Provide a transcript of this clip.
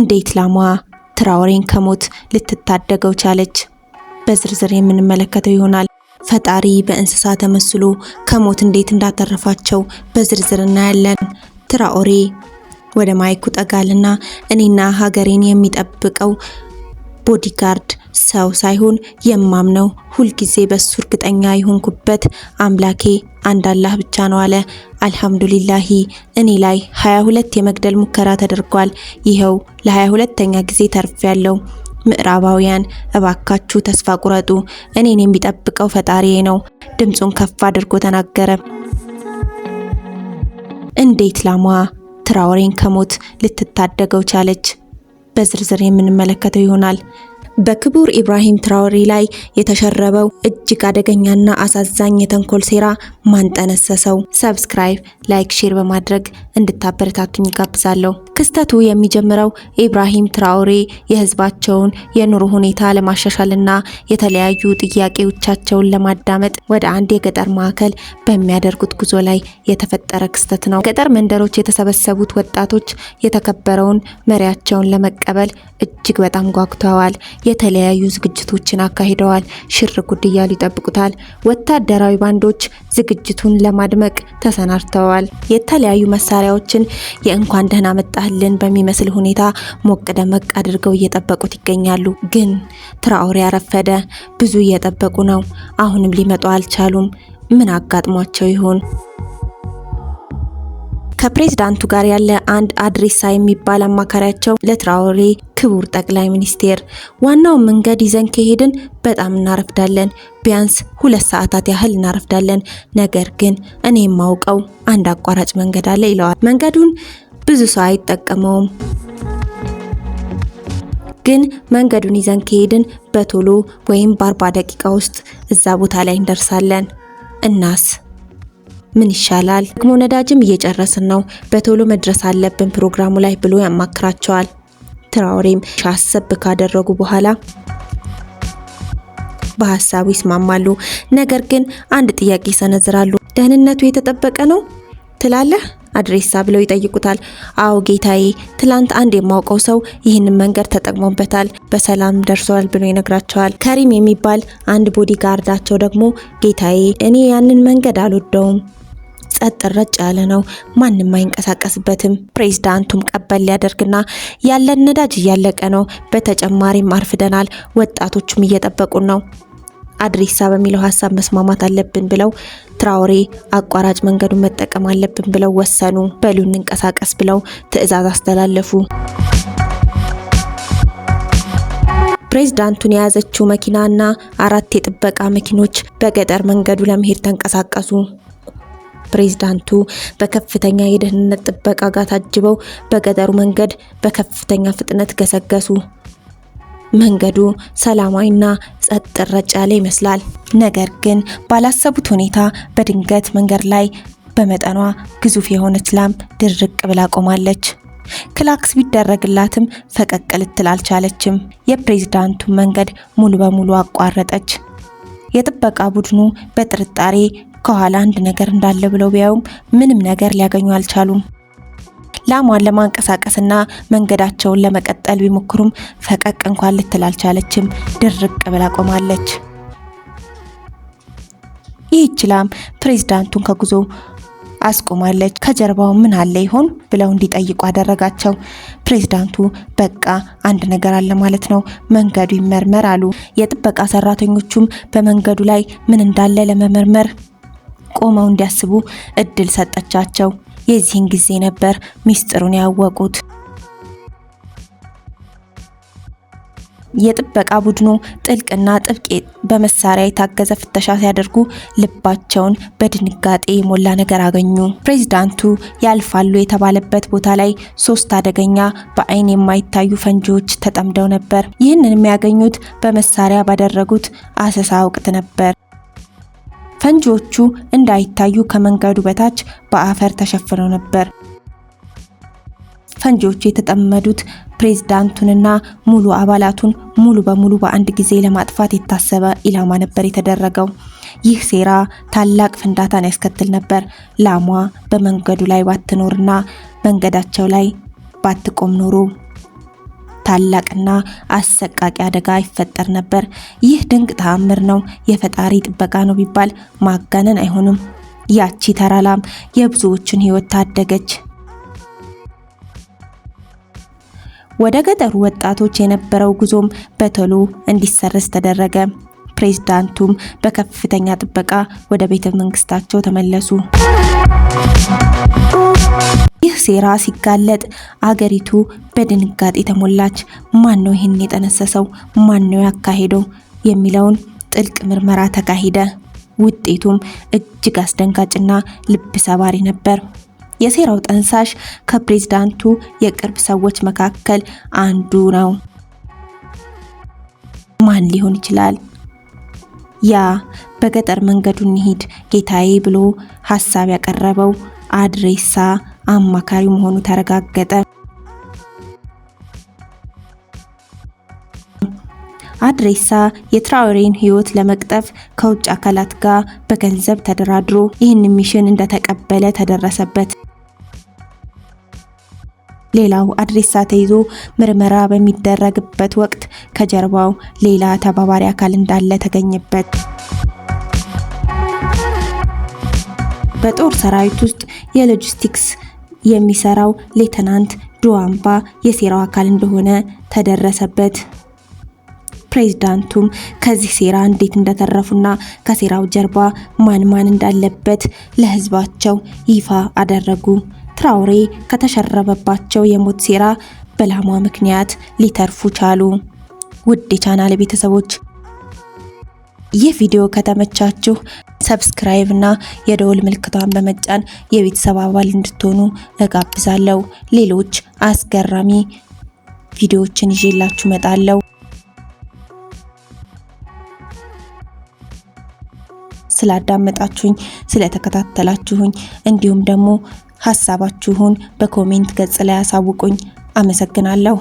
እንዴት ላሟ ትራውሬን ከሞት ልትታደገው ቻለች? በዝርዝር የምንመለከተው ይሆናል። ፈጣሪ በእንስሳ ተመስሎ ከሞት እንዴት እንዳተረፋቸው በዝርዝር እናያለን። ትራኦሬ ወደ ማይኩ ጠጋልና እኔና ሀገሬን የሚጠብቀው ቦዲጋርድ ሰው ሳይሆን የማምነው ሁልጊዜ በሱ እርግጠኛ የሆንኩበት አምላኬ አንድ አላህ ብቻ ነው አለ። አልሐምዱሊላሂ እኔ ላይ 22 የመግደል ሙከራ ተደርጓል። ይኸው ለ22ኛ ጊዜ ተርፍ ያለው። ምዕራባውያን እባካችሁ ተስፋ ቁረጡ፣ እኔን የሚጠብቀው ፈጣሪዬ ነው። ድምፁን ከፍ አድርጎ ተናገረ። እንዴት ላሟ ትራውሬን ከሞት ልትታደገው ቻለች? በዝርዝር የምንመለከተው ይሆናል። በክቡር ኢብራሂም ትራውሬ ላይ የተሸረበው እጅግ አደገኛና አሳዛኝ የተንኮል ሴራ ማንጠነሰሰው? ሰብስክራይብ፣ ላይክ፣ ሼር በማድረግ እንድታበረታቱኝ ይጋብዛለሁ። ክስተቱ የሚጀምረው ኢብራሂም ትራውሬ የህዝባቸውን የኑሮ ሁኔታ ለማሻሻልና የተለያዩ ጥያቄዎቻቸውን ለማዳመጥ ወደ አንድ የገጠር ማዕከል በሚያደርጉት ጉዞ ላይ የተፈጠረ ክስተት ነው። ገጠር መንደሮች የተሰበሰቡት ወጣቶች የተከበረውን መሪያቸውን ለመቀበል እጅግ በጣም ጓጉተዋል። የተለያዩ ዝግጅቶችን አካሂደዋል። ሽር ጉድ እያሉ ይጠብቁታል። ወታደራዊ ባንዶች ዝግጅቱን ለማድመቅ ተሰናድተዋል። የተለያዩ መሳሪያዎችን የእንኳን ደህና መጣህልን በሚመስል ሁኔታ ሞቅ ደመቅ አድርገው እየጠበቁት ይገኛሉ። ግን ትራኦሬ ያረፈደ ብዙ እየጠበቁ ነው። አሁንም ሊመጡ አልቻሉም። ምን አጋጥሟቸው ይሆን? ከፕሬዝዳንቱ ጋር ያለ አንድ አድሬሳ የሚባል አማካሪያቸው ለትራኦሬ ክቡር ጠቅላይ ሚኒስቴር፣ ዋናውን መንገድ ይዘን ከሄድን በጣም እናረፍዳለን። ቢያንስ ሁለት ሰዓታት ያህል እናረፍዳለን። ነገር ግን እኔ የማውቀው አንድ አቋራጭ መንገድ አለ ይለዋል። መንገዱን ብዙ ሰው አይጠቀመውም ግን መንገዱን ይዘን ከሄድን በቶሎ ወይም በአርባ ደቂቃ ውስጥ እዛ ቦታ ላይ እንደርሳለን። እናስ ምን ይሻላል? ደግሞ ነዳጅም እየጨረስን ነው፣ በቶሎ መድረስ አለብን ፕሮግራሙ ላይ ብሎ ያማክራቸዋል። ትራውሬም ሻሰብ ካደረጉ በኋላ በሀሳቡ ይስማማሉ። ነገር ግን አንድ ጥያቄ ይሰነዝራሉ። ደህንነቱ የተጠበቀ ነው ትላለህ? አድሬሳ ብለው ይጠይቁታል። አዎ ጌታዬ፣ ትላንት አንድ የማውቀው ሰው ይህንን መንገድ ተጠቅሞበታል፣ በሰላም ደርሷል ብሎ ይነግራቸዋል። ከሪም የሚባል አንድ ቦዲ ጋርዳቸው ደግሞ ጌታዬ፣ እኔ ያንን መንገድ አልወደውም ጸጥ ረጭ ያለ ነው። ማንም አይንቀሳቀስበትም። ፕሬዝዳንቱም ቀበል ሊያደርግና ያለን ነዳጅ እያለቀ ነው፣ በተጨማሪም አርፍደናል፣ ወጣቶቹም እየጠበቁን ነው አድሬሳ በሚለው ሀሳብ መስማማት አለብን ብለው ትራውሬ አቋራጭ መንገዱን መጠቀም አለብን ብለው ወሰኑ። በሉ እንንቀሳቀስ ብለው ትዕዛዝ አስተላለፉ። ፕሬዝዳንቱን የያዘችው መኪናና አራት የጥበቃ መኪኖች በገጠር መንገዱ ለመሄድ ተንቀሳቀሱ። ፕሬዝዳንቱ በከፍተኛ የደህንነት ጥበቃ ጋር ታጅበው በገጠሩ መንገድ በከፍተኛ ፍጥነት ገሰገሱ። መንገዱ ሰላማዊና ጸጥ ረጭ ያለ ይመስላል። ነገር ግን ባላሰቡት ሁኔታ በድንገት መንገድ ላይ በመጠኗ ግዙፍ የሆነች ላም ድርቅ ብላ ቆማለች። ክላክስ ቢደረግላትም ፈቀቅ ልትል አልቻለችም። የፕሬዝዳንቱን መንገድ ሙሉ በሙሉ አቋረጠች። የጥበቃ ቡድኑ በጥርጣሬ ከኋላ አንድ ነገር እንዳለ ብለው ቢያዩም ምንም ነገር ሊያገኙ አልቻሉም። ላሟን ለማንቀሳቀስና መንገዳቸውን ለመቀጠል ቢሞክሩም ፈቀቅ እንኳን ልትል አልቻለችም። ድርቅ ብላ ቆማለች። ይህች ላም ፕሬዝዳንቱን ከጉዞ አስቆማለች። ከጀርባው ምን አለ ይሆን ብለው እንዲጠይቁ አደረጋቸው። ፕሬዝዳንቱ በቃ አንድ ነገር አለ ማለት ነው፣ መንገዱ ይመርመር አሉ። የጥበቃ ሰራተኞቹም በመንገዱ ላይ ምን እንዳለ ለመመርመር ቆመው እንዲያስቡ እድል ሰጠቻቸው። የዚህን ጊዜ ነበር ሚስጥሩን ያወቁት። የጥበቃ ቡድኑ ጥልቅና ጥብቅ በመሳሪያ የታገዘ ፍተሻ ሲያደርጉ ልባቸውን በድንጋጤ የሞላ ነገር አገኙ። ፕሬዚዳንቱ ያልፋሉ የተባለበት ቦታ ላይ ሶስት አደገኛ በአይን የማይታዩ ፈንጂዎች ተጠምደው ነበር። ይህንን የሚያገኙት በመሳሪያ ባደረጉት አሰሳ ወቅት ነበር። ፈንጂዎቹ እንዳይታዩ ከመንገዱ በታች በአፈር ተሸፍነው ነበር። ፈንጂዎቹ የተጠመዱት ፕሬዝዳንቱንና ሙሉ አባላቱን ሙሉ በሙሉ በአንድ ጊዜ ለማጥፋት የታሰበ ኢላማ ነበር የተደረገው። ይህ ሴራ ታላቅ ፍንዳታን ያስከትል ነበር። ላሟ በመንገዱ ላይ ባትኖርና መንገዳቸው ላይ ባትቆም ኖሮ ታላቅና አሰቃቂ አደጋ ይፈጠር ነበር። ይህ ድንቅ ተአምር ነው፣ የፈጣሪ ጥበቃ ነው ቢባል ማጋነን አይሆንም። ያቺ ተራ ላም የብዙዎችን ሕይወት ታደገች። ወደ ገጠሩ ወጣቶች የነበረው ጉዞም በቶሎ እንዲሰረዝ ተደረገ። ፕሬዝዳንቱም በከፍተኛ ጥበቃ ወደ ቤተ መንግስታቸው ተመለሱ። ይህ ሴራ ሲጋለጥ አገሪቱ በድንጋጤ ተሞላች። ማን ነው ይህን የጠነሰሰው? ማን ነው ያካሄደው? የሚለውን ጥልቅ ምርመራ ተካሂደ። ውጤቱም እጅግ አስደንጋጭና ልብ ሰባሪ ነበር። የሴራው ጠንሳሽ ከፕሬዝዳንቱ የቅርብ ሰዎች መካከል አንዱ ነው። ማን ሊሆን ይችላል? ያ በገጠር መንገዱን ይሄድ ጌታዬ ብሎ ሀሳብ ያቀረበው አድሬሳ አማካሪ መሆኑ ተረጋገጠ። አድሬሳ የትራውሬን ህይወት ለመቅጠፍ ከውጭ አካላት ጋር በገንዘብ ተደራድሮ ይህን ሚሽን እንደተቀበለ ተደረሰበት። ሌላው አድሬሳ ተይዞ ምርመራ በሚደረግበት ወቅት ከጀርባው ሌላ ተባባሪ አካል እንዳለ ተገኘበት። በጦር ሰራዊት ውስጥ የሎጂስቲክስ የሚሰራው ሌተናንት ዱዋምባ የሴራው አካል እንደሆነ ተደረሰበት። ፕሬዝዳንቱም ከዚህ ሴራ እንዴት እንደተረፉና ከሴራው ጀርባ ማን ማን እንዳለበት ለህዝባቸው ይፋ አደረጉ። ትራውሬ ከተሸረበባቸው የሞት ሴራ በላሟ ምክንያት ሊተርፉ ቻሉ። ውድ የቻናል ቤተሰቦች ይህ ቪዲዮ ከተመቻችሁ ሰብስክራይብ እና የደወል ምልክቷን በመጫን የቤተሰብ አባል እንድትሆኑ እጋብዛለሁ። ሌሎች አስገራሚ ቪዲዮዎችን ይዤላችሁ እመጣለሁ። ስላዳመጣችሁኝ፣ ስለተከታተላችሁኝ እንዲሁም ደግሞ ሀሳባችሁን በኮሜንት ገጽ ላይ አሳውቁኝ። አመሰግናለሁ።